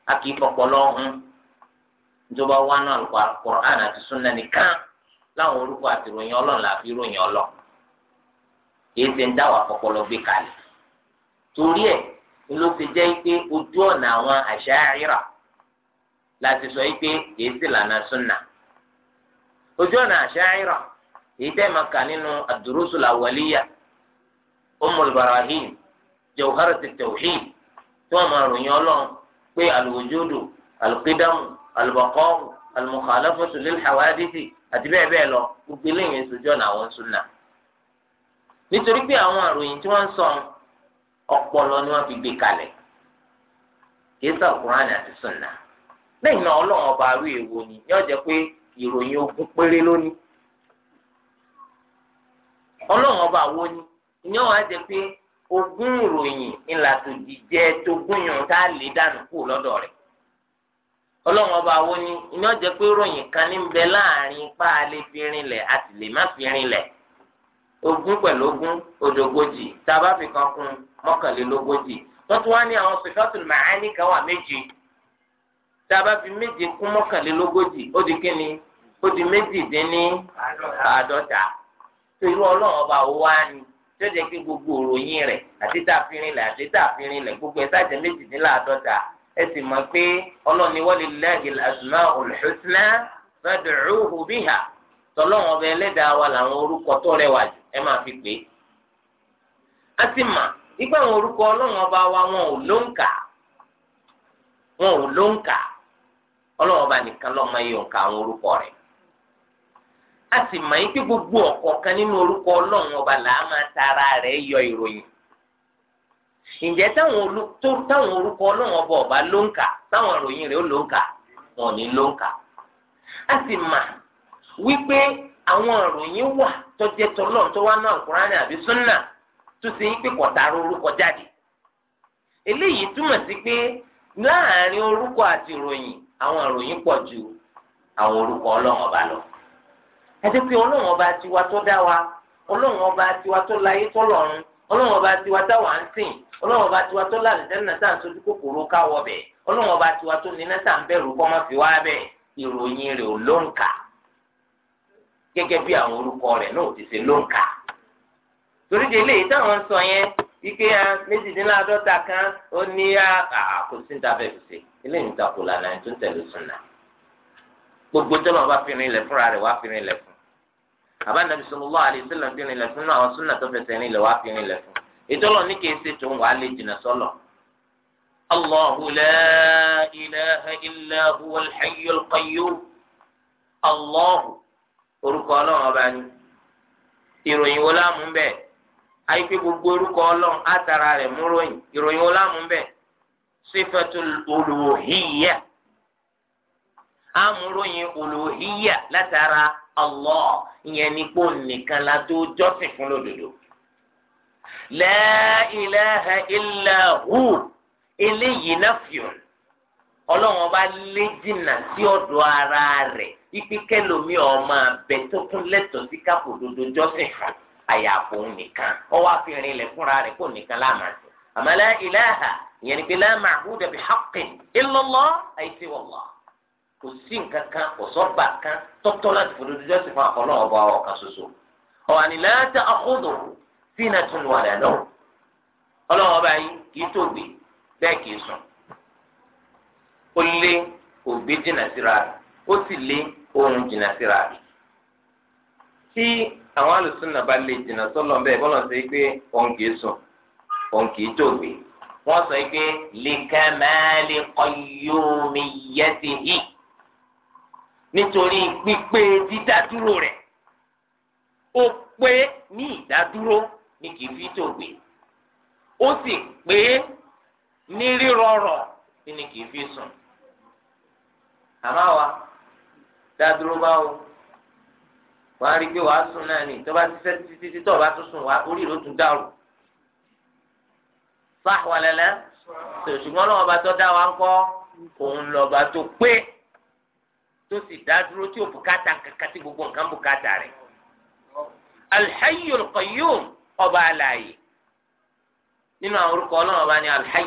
a kì í fọpọlọ hun nítorí wọn wá náà àti Sunnah nìkan láwọn orúkọ àti ròyìn Ọlọ́run làá ròyìn Ọlọ́run kìí ṣe ń gbé torí ẹ̀ ló jẹ́ pé ojú ọ̀nà àwọn láti sọ pé lànà ojú ọ̀nà èyí tẹ́ máa kà nínú jawharat at-tawhid tí wọ́n máa ròyìn ọlọ́run pé al-wujudu al-qidamu al-baqa'u al-mukhalafatu lil-hawadithi àti bẹ́ẹ̀ bẹ́ẹ̀ lọ gbogbo eléyìí sojú ọ̀nà na sunna. nítorí pé àwọn àròyìn tí wọ́n ń sọ ọpọlọ ni wọ́n fi gbé kalẹ̀ kìí sọ Kùránì àti sunna. lẹ́yìn náà ọlọ́run ọba arú èwo ni yóò jẹ́ pé ìròyìn ogun péré lónìí. ọlọ́run ọba wo ni pé ogún ìròyìn ńlá tó jíjẹ tó gúnyàn tá a lè dànù kú lọ́dọ̀ rẹ̀ ọlọ́run ọba wo ni iná jẹ́ pé ròyìn kan ní bẹ láàrin ipá alẹ́ fi rinlẹ̀ àti lè má fi rinlẹ̀ ogún pẹ̀lú ogún òdògójì tá fi kan kún mọ́kànlélógójì wọ́n wá ní àwọn sifatul ma'ani kan wà méje tá a bá fi méje kún mọ́kànlélógójì ó di kíni ó di méjì dín ní àádọ́ta tó irú ọlọ́run ọba wo wá ni tí ó gbogbo òròyìn rẹ̀ àti a àti tá a gbogbo ẹ̀ sáàjẹ́ méjìdínláàdọ́ta ẹ sì pé ọlọ́ni biha tọ́lọ́wọ́n wa làwọn orúkọ tó rẹwà jù ẹ máa fi pè é. a ti mà àwọn orúkọ ọba wa wọn ò ló ń kà wọn ò ló ń kà ọlọ́wọ́n ọba nìkan lọ́mọ yìí ò ń ka àwọn a sì mọ̀ yín pé gbogbo ọ̀kọ̀ọ̀kan nínú orúkọ ọlọ́run ọba làá máa tara rẹ̀ yọ ìròyìn ǹjẹ́ táwọn orúkọ ọlọ́run ọba ọba ló ń kà táwọn ìròyìn rẹ̀ ó ló ń kà wọn ò ní ló ń kà a sì mà wípé àwọn ìròyìn wà tó jẹ́ tọlọ́run tó wá náà Kùránì àbí súnà tó sì ń pè kọ̀tà orúkọ jáde eléyìí túmọ̀ sí pé láàárín orúkọ àti ìròyìn àwọn ìròyìn pọ̀ ju àwọn orúkọ ọlọ́run ọba lọ. ẹjẹ pé ọlọ́run ọba tiwa tó dá wa ọlọ́run ọba tiwa tó láyé tó lọ́run ọlọ́run ọba tiwa wà ń sìn ọlọ́run ọba tiwa tó lálẹ́sẹ̀nà tá à ń sojú kòkòrò káwọ́ bẹ̀ ọlọ́run ọba tiwa tó níná tá à fi wá bẹ̀ ìròyìn rẹ̀ ò lóǹkà gẹ́gẹ́ bí àwọn orúkọ rẹ̀ náà ti ṣe torí táwọn sọ yẹn ike àbá nàbí sallallahu alaihi wasallam fi rìn lẹ̀ fún àwọn súnà tó fẹsẹ̀ rìn lẹ̀ wá fi rìn lẹ̀ fún ìtọ́lọ̀ ní kìí ṣe tòun wàá lè jìnnà sọ́lọ̀. Allahu la ilaha illa huwal hayyul qayyum Allahu orúkọ ọlọ́run ọba ni ìròyìn wo láàmú bẹ́ẹ̀ àyíké gbogbo orúkọ ọlọ́run átara rẹ̀ mú ròyìn ìròyìn wo láàmú bẹ́ẹ̀ sifatul uluhiyya àmúròyìn uluhiyya látara Allah ìyẹn ni pé nìkan la tó jọ́sìn fún lódodo. La ilaha illa hu eléyìí náà fìọ́ ọlọ́run ọba lé jìnnà sí ọ̀dọ̀ ara rẹ̀ ipe kẹlòmí ọmọ abẹ tó kún lẹ́tọ̀ọ́ sí kápò dodo jọ́sìn fún àyàfò nìkan ọwọ́ àfihàn ilẹ̀ fúnra rẹ̀ kò nìkan láàmásì àmọ́ la ilaha ìyẹn ni pé la ma'buda bihaqqin illa Allah àìsí wallah. kò sí nǹkan kan kò sọ́gbà kan tọ́tọ́ láti fòdodo jọ́sìn fún àkọ́lọ́ ọba ọ̀kan ṣoṣo ọ̀hánì láti àkóso sí iná tún wà lẹ́nu ọlọ́run ọba yìí kì í tóbi bẹ́ẹ̀ kì í sùn ó lé ògbé jìnnà síra rẹ̀ ó sì lé oorun jìnnà síra rẹ̀ tí àwọn bá lè bẹ́ẹ̀ bọ́lá sọ pé òun kì í sùn òun kì í tóbi wọ́n sọ pé lè kẹ́ kọ́ nítorí pípé dídádúró rẹ̀ ó pé ní ìdádúró ní kì í fi tó gbé ó sì pé ní rírọ̀rọ̀ ní kì fi sùn àmọ́ wa dádúró báwo wàá rí i pé wàá sùn náà ni tó bá ṣiṣẹ́ títí tó bá tún sùn wàá orí rẹ̀ ó tún dàrú sáà wà lẹ́lẹ́ tòṣùgbọ́n lọ́wọ́ bá tó dá wa ń kọ́ òun lọ́ba tó pé tó sì dá dúró tí ò bùkátà kankan tí gbogbo nǹkan bùkátà rẹ̀ alhayyul qayyum ọba alààyè nínú àwọn orúkọ ọlọ́run ọba ní alhayy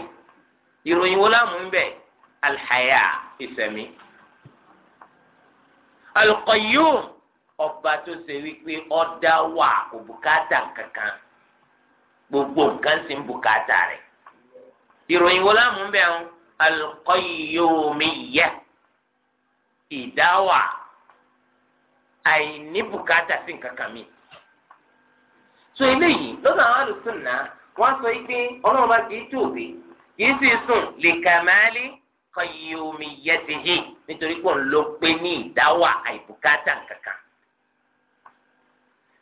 ìròyìn wo láàmú ń bẹ̀ alhayà ìsẹ̀mí alqayyum ọba tó ṣe wípé ọ̀dá wà kò bùkátà kankan gbogbo nǹkan sì ń bùkátà rẹ̀ ìròyìn wo láàmú ń bẹ̀ alqayyumiyya. ìdáwà àìní bùkátà sí nǹkan kan mi. so eléyìí lọ́dọ̀ àwọn àlùsùn náà wọ́n sọ pé ọlọ́run bá kì í tòbi kì í sì sùn lè kà máa lé omi yẹ hì nítorí pé òun ló pé ní ìdáwà àìbùkátà nǹkan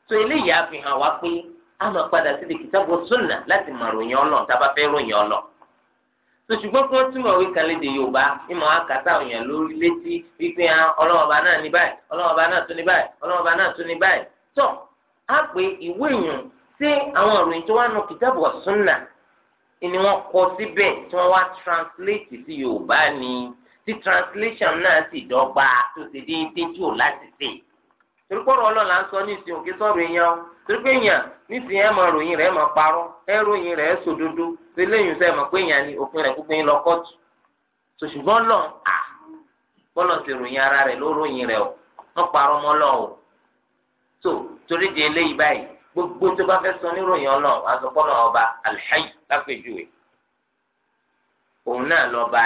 so eléyìí a máa padà sí lè láti tá a bá fẹ́ ròyìn ṣùgbọ́n kí wọ́n túmọ̀ wí kàlédè yorùbá ìmọ̀ àkàtà òyìn lórí létí wípé ah, ọlọ́mọba náà ní báyìí ọlọ́mọba náà tún ní báyìí ọlọ́mọba náà tún ní báyìí tó á pé ìwé èèyàn tí àwọn ìròyìn tó wà nù kìtàbù ọ̀sùnà ni wọ́n kọ síbẹ̀ tí wọ́n wá translate sí yorùbá ni tí translation náà sì dọ́gba tó ṣe déédéé tí ò láti ṣe torí pọ́rọ̀ ọlọ́la ń sọ ní ìsìn òkè sọ̀rọ̀ èèyàn torí pé èèyàn nísìnyẹn máa ròyìn rẹ̀ máa ṣe sẹ mọ pé èèyàn ni òfin rẹ̀ gbogbo yín lọ kóòtù so ṣùgbọ́n lọ à bọlọ ti ròyìn ara rẹ̀ ló ròyìn rẹ̀ o wọn parọ́ mọ́ lọ o so torí di eléyìí báyìí gbogbo tó bá fẹ́ sọ níròyìn ọlọ àzọpọlọ ọba alhaji lápèjúwe òun náà lọ ọba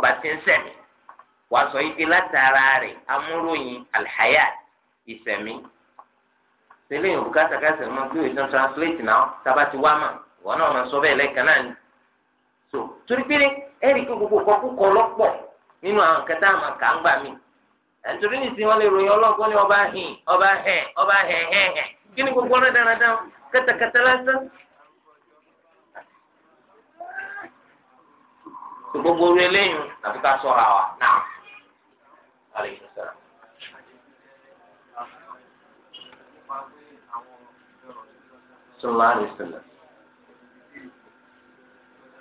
ọba tí ń sẹmí wàá sọ yìí pé látara rẹ̀ amúròyìn alhayat ìsẹmí tẹ́lẹ̀ yìí bùkátà mọ́ bí wọ́n ti translate náà tábà ti wá mọ́. ìwọ náà máa sọ bẹ́ẹ̀ lẹ́ẹ̀kan náà so torí pé ẹ̀rí kí gbogbo ọkọ̀ kúkọ̀ lọ́pọ̀ nínú àwọn kẹta àmà kà ń gbà mí ẹ̀ntorí nìsín ọba hìn ọba ọba kí ni gbogbo ọ̀rẹ́ dáradára kẹtẹkẹtẹ lásán. gbogbo orí eléyìn àfi ká sọ̀rọ̀ àwà náà.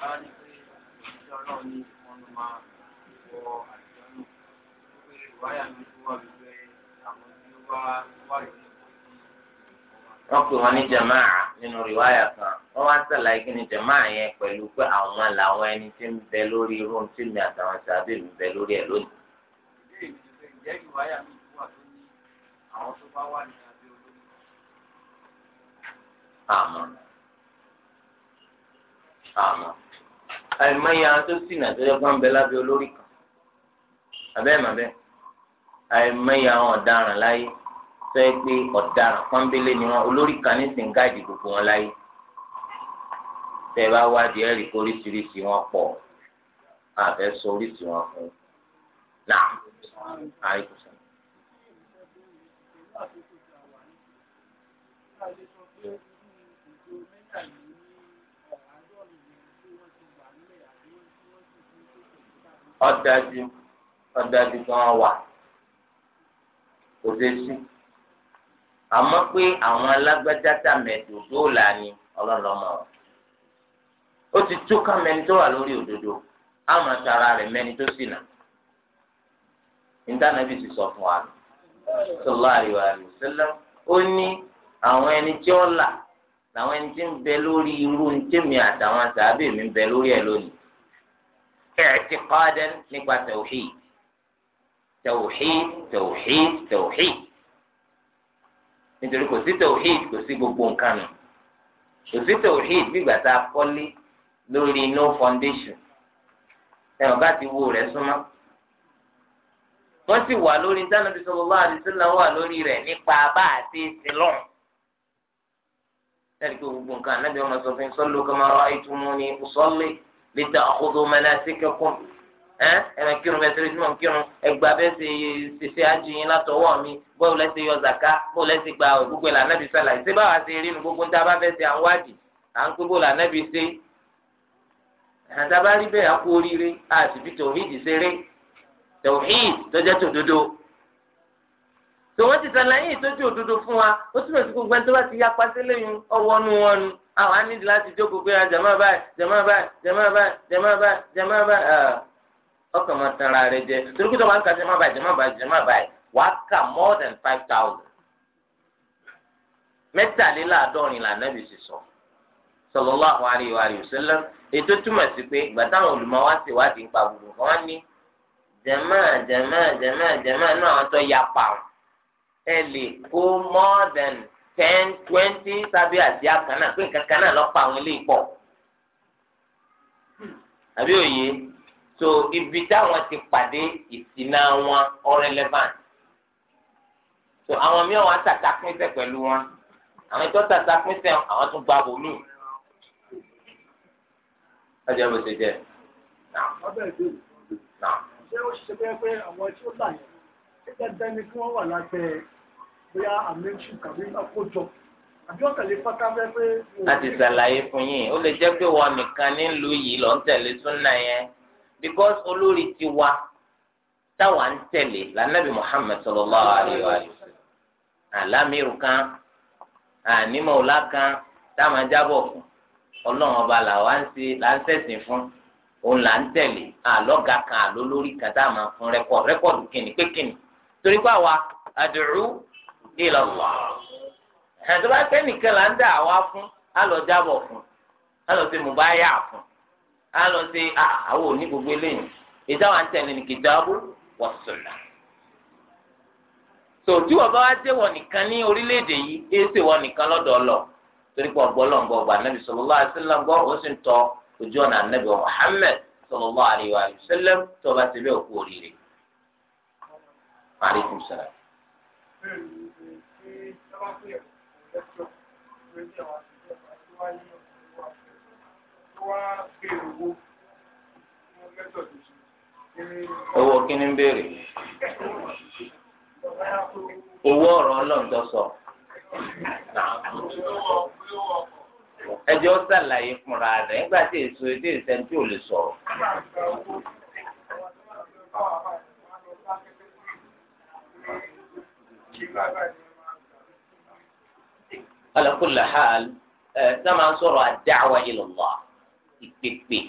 wọ́n pè wọ́n ní jamaa nínú riwaya kan wọ́n wá sàlàyé kí ni jamaa yẹn pẹ̀lú pé àwọn làwọn ẹni tí ń bẹ lórí irun tí mi àtàwọn sábẹ́ mi bẹ lórí ẹ̀ lónìí. àmọ́ àmọ́ àìmọye àwọn tó sì nà tó yẹ fún abẹ lábẹ́ olórí kan abẹ́ màbẹ́ àìmọye àwọn ọ̀daràn láyé tó yẹ pé ọ̀daràn pọ́nbélé ni wọn olórí kan ní sìn gáàdì gbogbo wọn láyé tẹ́ ẹ bá wádìí ẹ̀rí kó oríṣiríṣi wọn pọ̀ àfẹ́ sọ oríṣi wọn fún un náà àìkú sọ. ọ̀dájú ọ̀dájú kí wà kò dé sí pé àwọn alágbájá tà mẹ́tòdó là ní ọlọ́lọ́mọ ó ti tó ká mẹ́ni tó wà lórí òdodo àmọ́ tara rẹ mẹ́ni tó sì nà ti sọ fún wa sọlá àríwá àríwá sẹlẹ ó ní àwọn ẹni tí là làwọn ẹni tí ń bẹ lórí irú ní tèmi àtàwọn mi اعتقادا nípa توحيد توحيد توحيد توحيد nítorí kò sí توحيد kò sí gbogbo nǹkan توحيد kò sí tawhid nígbà tá a kọ́lé lórí no foundation ẹ̀wọ̀n bá ti wo rẹ̀ súnmọ́ wọ́n sì wà lórí dánàbí sallallahu alaihi wasallam wà lórí rẹ̀ nípa bá a ti sin lọ́n. Sẹ́ni pé gbogbo nǹkan ànábì ọmọ sọ fún sọ́lù kama ra'aytumuni usalli lita'khudhu manasikakum ẹ ẹ kírun bẹ sẹrẹ sinimá kírun ẹgbà bẹ ṣe ṣiṣẹ ajiyin látọwọ́ mi bọ́ọ̀ lẹ́sẹ̀ yọ zaka bọ́ọ̀ lẹ́sẹ̀ gba gbogbo ìlànà bí sàlà ìṣe báwa ṣe rí nu gbogbo níta bá fẹ́ ṣe àwọn wádìí à ń pé bọ́ọ̀ lànà bí ṣe àtàbá rí bẹ́ẹ̀ akú oríire àtìbí tòhídì ṣeré tòhídì tọ́jà tòdodo tòwọ́n ti sàlàyé ìtọ́jú òdodo fún wa ó túnbọ̀ sí gbogbo ẹni tó bá ti yapa sílẹ̀ yun wọn nu àwọn anídìí láti jókòó pé ah, jama báyìí jama báyìí jama báyìí jama báyìí jama báyìí ah, ọkàn máa tan ara rẹ jẹ torí pé tó máa ń ka jama báyìí jama báyìí jama báyìí wàá kà more than five thousand mẹ́tàléláàádọ́rin là nàbì sì sọ sallallahu alaihi wasallam ètò túmọ̀ sí pé ìgbà táwọn olùmọ̀wá sì wádìí ń pa gbogbo kan wọ́n ní jama jama jama jama náà àwọn tó yapa ẹ lè kó more than ten twenty tàbí àdìá kan náà pé nǹkan kan náà lọ́pọ̀ àwọn ilé ìpọ̀ àbí òye so ibi táwọn ti pàdé ìsìnà wọn ọrẹlẹvant so àwọn míì wọn tàta pínṣẹ pẹ̀lú wọn àwọn ètò tàta pínṣẹ àwọn tún gba bòmí. ọjọ́ bó ṣe jẹ́ náà. ṣé ó ṣe pé pé àwọn tí ó là yẹn ṣé dandan ni kí wọ́n wà lábẹ́ bóyá àmẹ́jì tàbí àkójọ àbí ọ̀tẹ̀lé pátá fẹ́ pé. láti ṣàlàyé fún yín ó lè jẹ́ pé wọn nìkan nílùú yìí lọ ń tẹ̀lé súnà yẹn because olórí ti wa táwa ń tẹ̀lé lànàbì Muhammad sallallahu alayhi wa sallam àlámìrù kan ànímọ̀ọ́lá kan táwọn ajábọ̀ fún ọlọ́run ọba làwa ń ṣe là ń ṣẹ̀sìn fún òun là ń tẹ̀lé àlọ́ga kan àlólórí kan táwọn máa fún rẹ́kọ̀d rẹ́kọ̀d kìnnì pé kìnnì torí pé àdùrú ilẹ̀ wà. ẹ̀sìn bá là ń dà wá fún alọ̀jábọ̀ fún alọ̀sẹ̀ mùbáyà fún alọ̀sẹ̀ àwọn òní gbogbo eléyìí ìdáwà ń tẹ̀lé ní kìdáàbò sọ̀lá. tòtí wọ́n bá wá dé wọn nìkan ní orílẹ̀-èdè yìí éèsè wọn nìkan lọ́dọ̀ ọlọ torí pé ọgbọ́n lọ́ngbọ́ ó sì ń tọ ojú ọ̀nà tó bá ti bẹ́ẹ̀ kú oríire. maaleykum owó kíní ń béèrè owó ọ̀rọ̀ ọlọ́ọ̀dọ́ sọ ẹjọ́ sàlàyé fúnra rẹ̀ nígbà tí èso èdè ìsẹ́ntì ò lè sọ. Thank you. ala kulli hal ẹ sábà ń sọ̀rọ̀ ad-da'wa ila Allah ìpèpè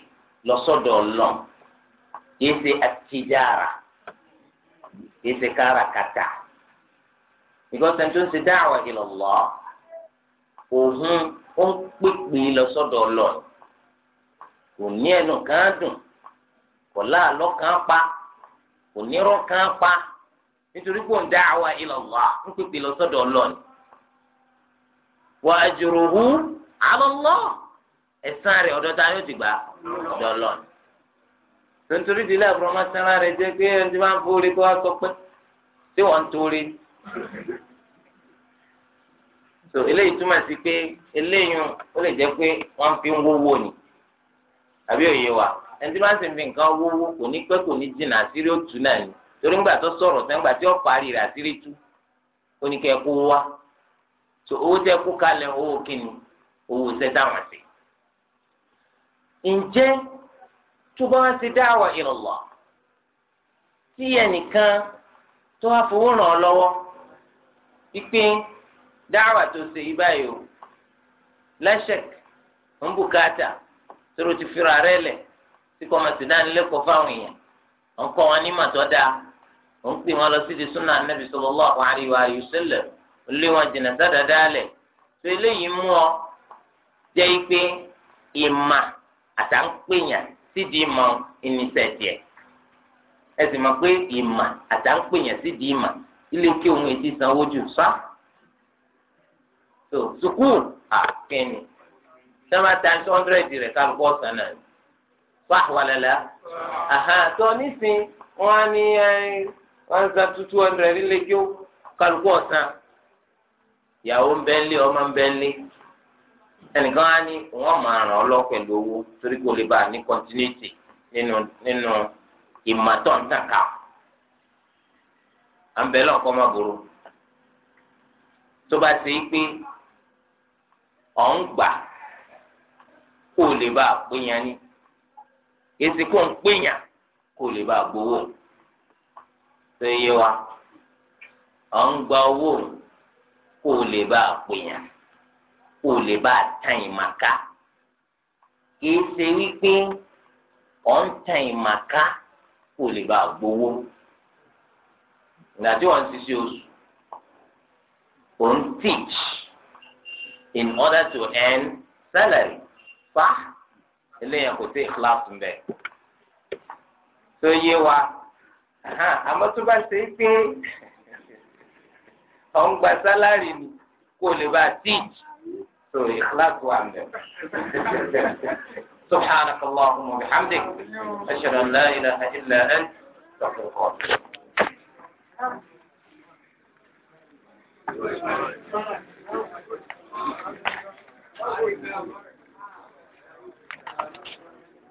lọ́sọ̀dọ̀ ọlọ́n kìí ṣe àtijára kìí ṣe kárakátà because ẹni tó ń ṣe da'wa ila Allah òun ó ń pèpè lọ́sọ̀dọ̀ ọlọ́n kò ní ẹnu kan dùn kò láàlọ́ kan pa kò nírọ̀ kan pa nítorí pé òun da'wa ila Allah ń pèpè lọ́sọ̀dọ̀ ọlọ́ni wa ajruhu ala Allah ẹ̀san rẹ̀ ọ̀dọ̀ ta yóò ti gbà lọ́lọ́ nítorí ìdílé àbúrò máa sẹ́ra rẹ̀ jẹ́ pé ẹni tí wọ́n ń borí kó wá sọ pé tí wọ́n ń torí. so eléyìí túmọ̀ sí pé eléyìí ó lè jẹ́ pé wọ́n fi ń wówó ni àbí òye wa ẹni tí wọ́n sì ń fi nǹkan wówó kò ní pẹ́ kò ní jìnnà àṣírí òtún náà ni torí ńgbà tó sọ̀rọ̀ sẹ́ńgbà tí ó parí rẹ̀ àṣírí tú ó wá so owó tẹ kó kalẹ̀ owó kìíní owó tẹ dáhùn sí. ǹjẹ́ tó bá wá sí dáwà tí ẹnìkan tó wá fowó ràn ọ́ lọ́wọ́ pípín dáwà tó ṣe yí o tóró ti fira rẹ̀ lẹ̀ tí kò máa sì dánilẹ́kọ̀ọ́ fáwọn èèyàn wọn ní dáa ó ń pè wọn lọ sí sallallahu lé wọn jìnnà sádàdá lẹ̀ tó eléyìí mú ọ jẹ́ pé ìmà àtàǹpèyàn sídìí mọ ìníṣẹ́ tiẹ̀ ẹ sì mọ̀ pé ìmà àtàǹpèyàn sídìí ìmà ilé kí òun èti sanwó jù sá tó sukùl àkẹ́ni sọ́mà times hundred rẹ̀ kálukú ọ̀sán náà wàlálà tó nísìn wọn ní wọn san two hundred ilé kí kálukú ọ̀sán. ìyàwó ń bẹ́ńlé ọmọ ń bẹ́ńlé ẹnìkan á ní wọ́n máa ràn ọ́ lọ pẹ̀lú owó torí kò lè bá a ní continuity nínú nínú ìmọ̀tọ́ntàkà à ń bẹ lọ́kọ́ má burú tó bá ti ọ̀ ń gbà kó o wa ọ̀ owó kó o lè bá a pèèyàn kó o lè bá a tàn ìmàká kìí ṣe wípé ọ̀ ń tàn ìmàká kó o lè bá a gbowó ìgbà tí wọ́n ti ṣe oṣù ò ń teach in order to earn salary fa eléyàn kò sí ikhlas mbẹ tó yé wa àmọ́ tó bá ṣe é pé. ọ̀n gba sálárì ni kó lè bá tíj tó ìkíláàsì wà mẹ́. سبحانك اللهم وبحمدك أشهد أن لا إله إلا أنت أستغفرك